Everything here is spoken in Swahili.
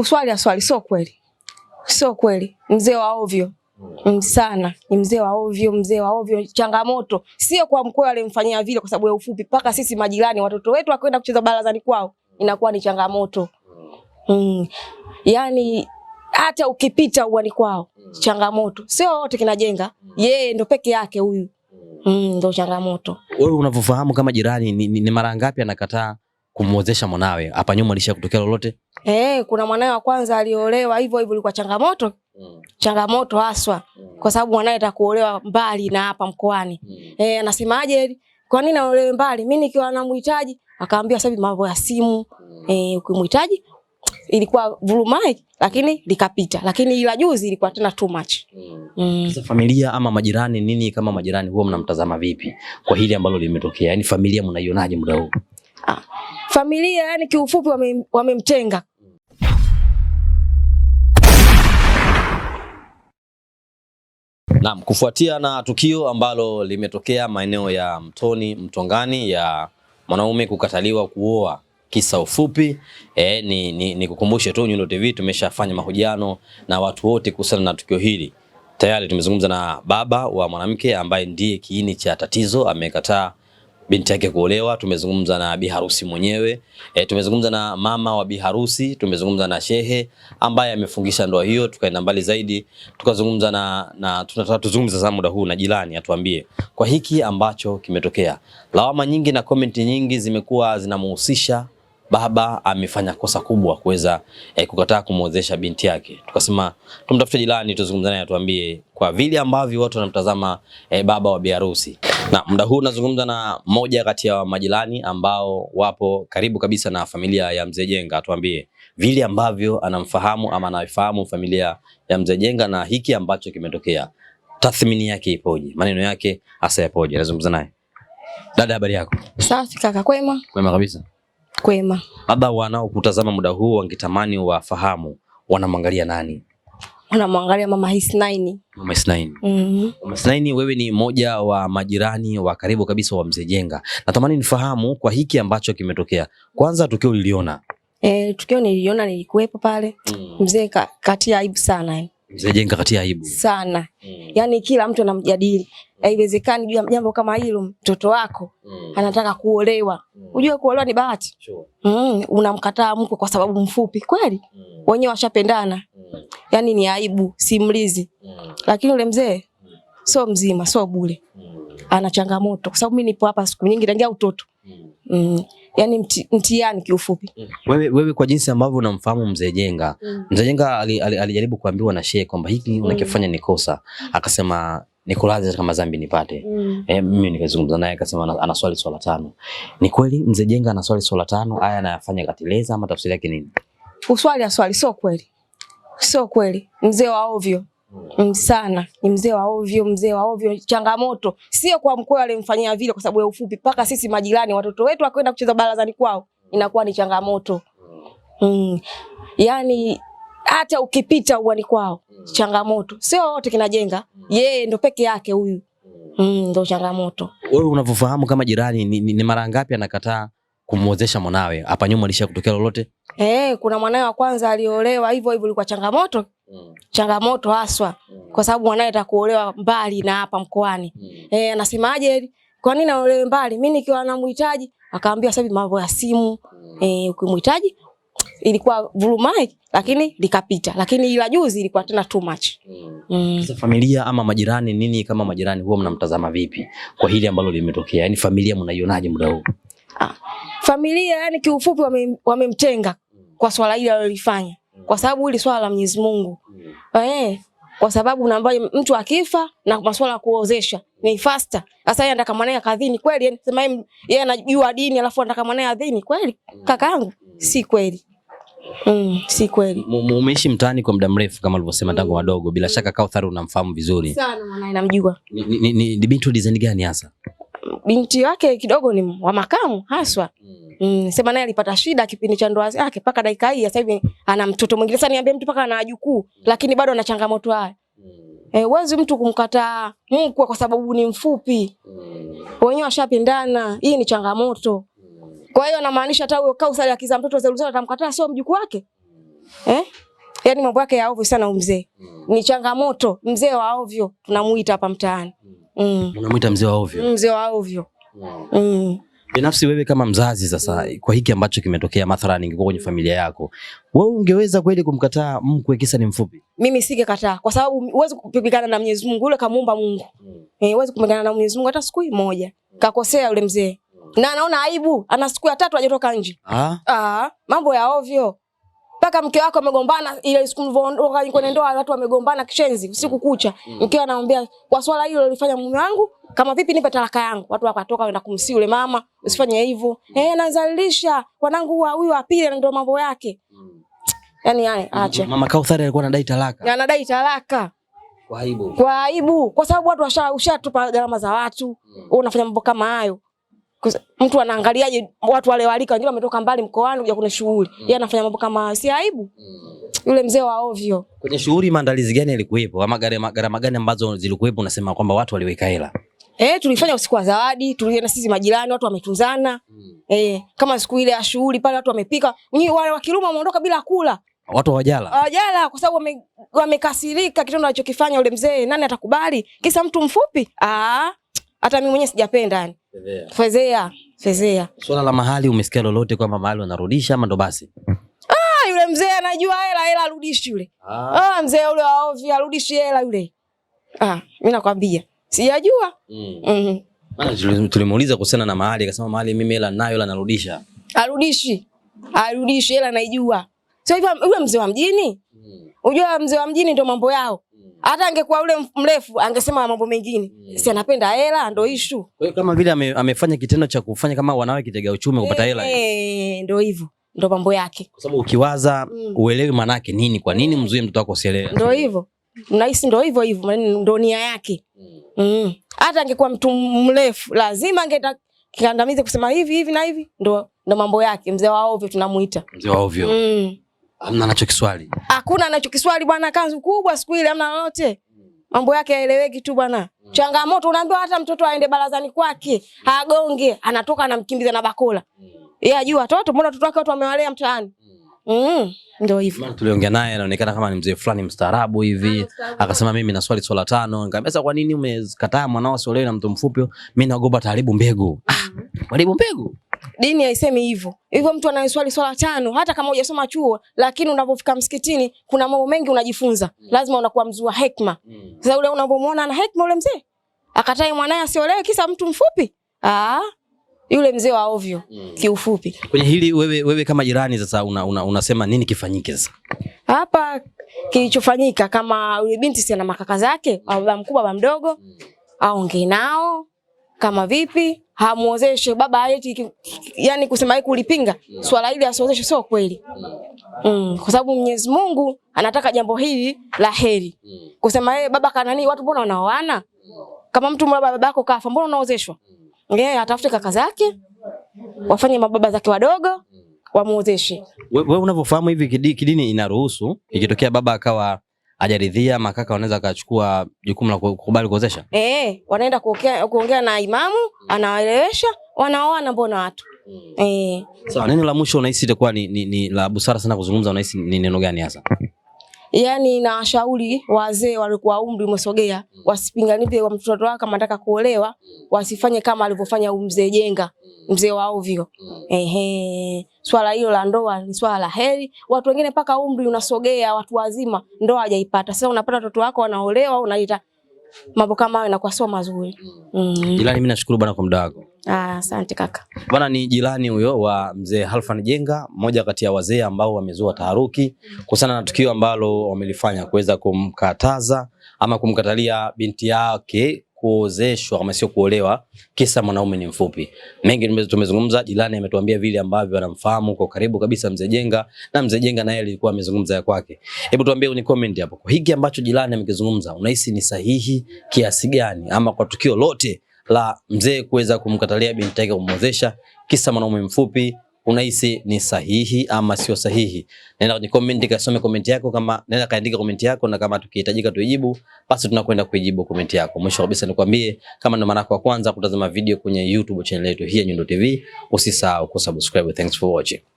uswali ya swali, sio kweli, sio kweli. Mzee wa ovyo mm. Mm, sana, ni mzee wa ovyo, mzee wa ovyo. Changamoto sio kwa mkwe alimfanyia vile kwa sababu ya ufupi, mpaka sisi majirani watoto wetu wakwenda kucheza barazani kwao inakuwa ni changamoto mm. mm. Yani hata ukipita uwani kwao changamoto, sio wote kinajenga yeye, ndo peke yake huyu mm, ndo changamoto. Wewe unavyofahamu kama jirani ni, ni, ni mara ngapi anakataa kumwozesha mwanawe? Hapa nyuma alishakutokea lolote? Eh, kuna mwanae wa kwanza aliolewa hivyo hivyo, ilikuwa changamoto mm. changamoto haswa mm. kwa sababu mwanae atakuolewa mbali na hapa mkoani mm. eh, anasemaje, kwa nini aolewe mbali, mimi nikiwa namhitaji? Akaambia sasa mambo ya simu mm. eh, ukimhitaji ilikuwa vurumai, lakini likapita, lakini ila juzi ilikuwa tena too much mm. mm. Sasa familia ama majirani, nini kama majirani, huwa mnamtazama vipi kwa hili ambalo limetokea? Yani familia mnaionaje muda huu? Ah, familia yani kiufupi wamemtenga wame Naam, kufuatia na tukio ambalo limetokea maeneo ya Mtoni Mtongani ya mwanaume kukataliwa kuoa kisa ufupi e, ni, ni, ni kukumbushe tu Nyundo TV tumeshafanya mahojiano na watu wote kuhusiana na tukio hili. Tayari tumezungumza na baba wa mwanamke ambaye ndiye kiini cha tatizo, amekataa binti yake kuolewa. Tumezungumza na bi harusi mwenyewe e, tumezungumza na mama wa bi harusi, tumezungumza na shehe ambaye amefungisha ndoa hiyo, tukaenda mbali zaidi tukazungumza na, na tunataka tuzungumze sasa muda huu na jirani atuambie kwa hiki ambacho kimetokea. Lawama nyingi na komenti nyingi zimekuwa zinamuhusisha baba amefanya kosa kubwa kuweza eh, kukataa kumwozesha binti yake. Tukasema tumtafute jirani tuzungumzane, atuambie kwa vile ambavyo watu wanamtazama eh, baba wa biharusi na muda huu nazungumza na mmoja kati ya majirani ambao wapo karibu kabisa na familia ya Mzee Jenga, atuambie vile ambavyo anamfahamu ama anaifahamu familia ya Mzee Jenga na hiki ambacho kimetokea, tathmini yake ipoje, maneno yake hasa yapoje? Nazungumza naye. Dada, habari yako? Safi kaka. Kwema, kwema kabisa, kwema. Labda wanaokutazama muda huu wangetamani wafahamu wanamwangalia nani wanamwangalia mama Hisnaini. Mama Hisnaini. Mm-hmm. Mama Hisnaini, wewe ni mmoja wa majirani wa karibu kabisa wa Mzee Jenga. Natamani nifahamu kwa hiki ambacho kimetokea. Kwanza tukio liliona. Eh, tukio niliona nilikuwepo pale. Mm. Mzee ka, katia aibu sana yani. Mzee Jenga katia aibu sana. Mm. Yani kila mtu anamjadili. Mm. Haiwezekani juu ya jambo kama hilo mtoto wako mm. anataka kuolewa. Mm. Ujue kuolewa ni bahati. Sure. Mm, unamkataa mko kwa sababu mfupi. Kweli? Mm. Wenyewe washapendana yani ni aibu, simlizi. Lakini yule mzee sio mzima, sio bure, ana changamoto, kwa sababu mimi nipo hapa siku nyingi tangia utoto mm. Yani mti, mtiani kiufupi. Wewe, wewe kwa jinsi ambavyo unamfahamu mzee Jenga mm. mzee Jenga alijaribu ali, ali kuambiwa na shehe kwamba hiki mm. unakifanya ni kosa, akasema nikulaze kama dhambi nipate mm. E, mimi nikazungumza naye akasema ana swali swala tano. Ni kweli mzee Jenga ana swali swala tano? Haya anayafanya katileza ama tafsiri yake nini? Uswali aswali sio kweli Sio kweli, mzee wa ovyo mm, sana, ni mzee wa ovyo, mzee wa ovyo. Changamoto sio kwa mkwe alimfanyia vile kwa sababu ya ufupi, mpaka sisi majirani watoto wetu wakwenda kucheza barazani kwao inakuwa ni changamoto mm. Yani hata ukipita uwani kwao changamoto, sio wote kinajenga, yeye ndo peke yake huyu mm, ndo changamoto. Wewe unavyofahamu kama jirani ni, ni, ni mara ngapi anakataa kumwozesha mwanawe? Hapa nyuma alisha kutokea lolote? Eh, kuna mwanawe wa kwanza aliolewa hivyo hivyo, ilikuwa changamoto mm. changamoto haswa mm. kwa sababu mwanawe atakuolewa mbali na hapa mkoani mm. eh, anasemaje, kwa nini aolewe mbali? Mimi nikiwa namhitaji, akaambia sasa mambo ya simu mm. eh, ukimhitaji ilikuwa vurumai lakini likapita, lakini ila juzi ilikuwa tena too much mm. mm. Sasa familia ama majirani nini, kama majirani huwa mnamtazama vipi kwa hili ambalo limetokea? Yani familia mnaionaje muda huu? Ah, familia yani kiufupi wamemtenga wame mm. kwa swala hili alilofanya, mm. kwa sababu hili swala la Mwenyezi Mungu mm. eh, kwa sababu namba mtu akifa na masuala ya kuozesha ni faster. Sasa yeye anataka mwanae kadhini kweli? Yani sema yeye anajua dini alafu anataka mwanae adhini kweli? Kakaangu, si kweli. Mm, si kweli. Umeishi mtaani kwa muda mrefu kama alivyosema tangu wadogo, bila shaka Kauthar unamfahamu vizuri sana, Mwanae namjua. Ni, ni, ni, ni bintu design gani hasa? binti wake kidogo ni wa makamu haswa. Mm, mm sema naye alipata shida kipindi cha ndoa yake paka dakika hii sasa hivi ana mtoto mwingine. Sasa niambie mtu paka ana wajukuu mm. lakini bado ana changamoto haya. Mm. Eh, wezi mtu kumkataa mkwe kwa sababu ni mfupi. Mm. Wenyewe washapendana, hii ni changamoto. Kwa hiyo anamaanisha hata huyo Kausari akiza mtoto Zeluzana atamkataa sio mjukuu wake? Eh? Yaani mambo yake ya ovyo sana umzee. Ni changamoto, mzee wa ovyo tunamuita hapa mtaani mm. unamwita mzee wa ovyo, mzee wa ovyo wow. mm. Binafsi wewe kama mzazi sasa, kwa hiki ambacho kimetokea, mathalani ingekuwa kwenye familia yako, wewe ungeweza kweli kumkataa mkwe kisa ni mfupi? Mimi singekataa, kwa sababu huwezi kupigana na Mwenyezi Mungu, yule kamuumba Mungu mm. eh, huwezi kupigana na Mwenyezi Mungu hata siku moja. Kakosea yule mzee mm. na anaona aibu, ana siku ya tatu hajatoka nje. Ah, ah mambo ya ovyo mpaka mke wako amegombana, ile siku mlivyoondoka kwenye ndoa, watu wamegombana kishenzi usiku kucha, mm. mke anamwambia kwa swala hilo lilifanya mume wangu kama vipi, nipe talaka yangu. Watu wakatoka wenda kumsi yule mama, usifanye hivyo mm. eh, anazalisha wanangu wa huyu wa pili, ndio mambo yake mm. yani. Yani acha mama Kauthari alikuwa anadai talaka, anadai talaka kwa aibu, kwa aibu, kwa sababu watu washatupa gharama za watu, unafanya mambo kama hayo mtu anaangaliaje watu wale walika wengine wametoka mbali mkoani kuja kuna shughuli. Mm. Yeye anafanya mambo kama si aibu. Mm. Yule mzee wa ovyo. Kwenye shughuli maandalizi gani yalikuwepo? Ama gharama gani ambazo zilikuwepo unasema kwamba watu waliweka hela? Eh, tulifanya usiku wa zawadi, tulienda sisi majirani, watu wametunzana. Mm. Eh, kama siku ile ya shughuli pale watu wamepika. Nyinyi wale wa Kiruma wameondoka bila kula. Watu hawajala. Hawajala kwa sababu wamekasirika wame kitendo alichokifanya yule mzee. Nani atakubali? Kisa mtu mfupi? Ah hata mimi mwenyewe sijapenda yani. Fezea, fezea. Swala la mahali umesikia lolote kwamba mahali wanarudisha ama ndo basi? Ah, yule mzee anajua hela hela arudishi yule. Ah, ah mzee yule waovi arudishi hela yule. Ah, mimi nakwambia. Sijajua. Mm. Mm -hmm. Tulimuuliza kuhusiana na mahali akasema mahali mimi hela nayo hela narudisha. Arudishi. Arudishi hela naijua. Sio hivyo yule mzee wa mjini? Mm. Unajua mzee wa mjini ndo mambo yao. Hata angekuwa ule mrefu angesema mambo mengine. Mm. Si anapenda hela ndo mm. ishu Kwa kama vile ame, amefanya kitendo cha kufanya kama wanawe kitega uchumi kupata hela. Eh, ndo hivyo. Ndo mambo yake. Kwa sababu ukiwaza mm. uelewi manake nini, kwa nini mzuie mtoto wako usielewe? Ndo hivyo. Mnahisi ndo hivyo hivyo, ndo nia yake. Mm. mm. Hata angekuwa mtu mrefu lazima angeta kikandamize kusema hivi hivi na hivi, ndo ndo mambo yake. Mzee wa ovyo tunamuita. Mzee wa ovyo. Mm. Hamna anachokiswali. Hakuna anachokiswali bwana, kanzu kubwa siku ile hamna lolote. Mambo yake haeleweki tu bwana. Mm. Changamoto unaambiwa hata mtoto aende barazani kwake, mm. agonge, anatoka anamkimbiza na bakola. Mm. Yeye ajua watoto, mbona watoto wake watu wamewalea mtaani? Mm. mm ndio hivyo. Tuliongea naye anaonekana kama ni mzee fulani mstaarabu hivi. Ah, Akasema mimi na swali swala tano. Nikamwambia kwa nini umekataa mwanao asiolewe na mtu mfupi? Mimi naogopa taharibu mbegu. Ah, mm. haribu mbegu. Dini haisemi hivyo. Hivyo mtu anayeswali swala tano hata kama hujasoma chuo, lakini unapofika msikitini kuna mambo mengi unajifunza. Mm. Lazima unakuwa mzua hekima. Mm. Sasa ule unapomwona ana hekima ule mzee, akatai mwanae asiolewe kisa mtu mfupi. Ah, yule mzee wa ovyo mm. kiufupi. Kwenye hili wewe, wewe kama jirani sasa una, una, unasema nini kifanyike sasa? Hapa kilichofanyika kama yule binti si ana makaka zake, baba mkubwa, baba mdogo, aongee nao kama vipi hamuozeshe baba eti, yani kusema yeye kulipinga swala hili asiozeshe sio kweli mm, kwa sababu Mwenyezi Mungu anataka jambo hili la heri. Kusema yeye eh, baba nini, watu mbona wanaoana? Kama mtu mbona baba yako kafa, mbona unaozeshwa? Yeye atafute kaka zake wafanye mababa zake wadogo wamuozeshe. Wewe unavyofahamu hivi kidini, kidini inaruhusu ikitokea baba akawa hajaridhia makaka wanaweza akachukua jukumu la kukubali kuozesha. Eh, eh wanaenda kuongea na imamu, hmm. anawaelewesha, wanaoana mbona watu. Hmm. Eh. Sawa, neno la mwisho unahisi itakuwa ni, ni, ni la busara sana kuzungumza, unahisi ni neno gani hasa? yani na washauri wazee walikuwa umri umesogea, mm. wasipinganipe wa mtoto wao kama anataka kuolewa, mm. wasifanye kama alivyofanya mzee Jenga, mm. mzee wa ovyo. Ehe, swala hilo la ndoa ni swala la heri. Watu wengine paka umri unasogea, watu wazima, ndoa hajaipata. Sasa unapata watoto wako wanaolewa, unaita mambo kama hayo, inakuwa sio mazuri. Mm. Ila mimi nashukuru bwana kwa muda wako. Asante kaka. Bwana ni jirani huyo wa mzee Halfan Jenga, mmoja kati ya wazee ambao wamezua taharuki kuhusiana na tukio ambalo wamelifanya kuweza kumkataza ama kumkatalia binti yake kuozeshwa kama sio kuolewa, kisa mwanaume ni mfupi. Mengi tumezungumza, jirani ametuambia vile ambavyo anamfahamu kwa karibu kabisa mzee Jenga, na mzee Jenga naye alikuwa amezungumza ya kwake. Hebu tuambie kwenye comment hapo, hiki ambacho jirani amekizungumza unahisi ni sahihi kiasi gani, ama kwa tukio lote la mzee kuweza kumkatalia binti yake kumwozesha kisa mwanaume mfupi unahisi ni sahihi ama sio sahihi? Nenda kwenye comment kasome comment yako, kama nenda kaandika comment yako, na kama tukihitajika tuijibu, basi tunakwenda kuijibu comment yako. Mwisho kabisa nikwambie, kama ndo mara yako ya kwanza kutazama video kwenye YouTube channel yetu hii ya Nyundo TV, usisahau kusubscribe. Thanks for watching.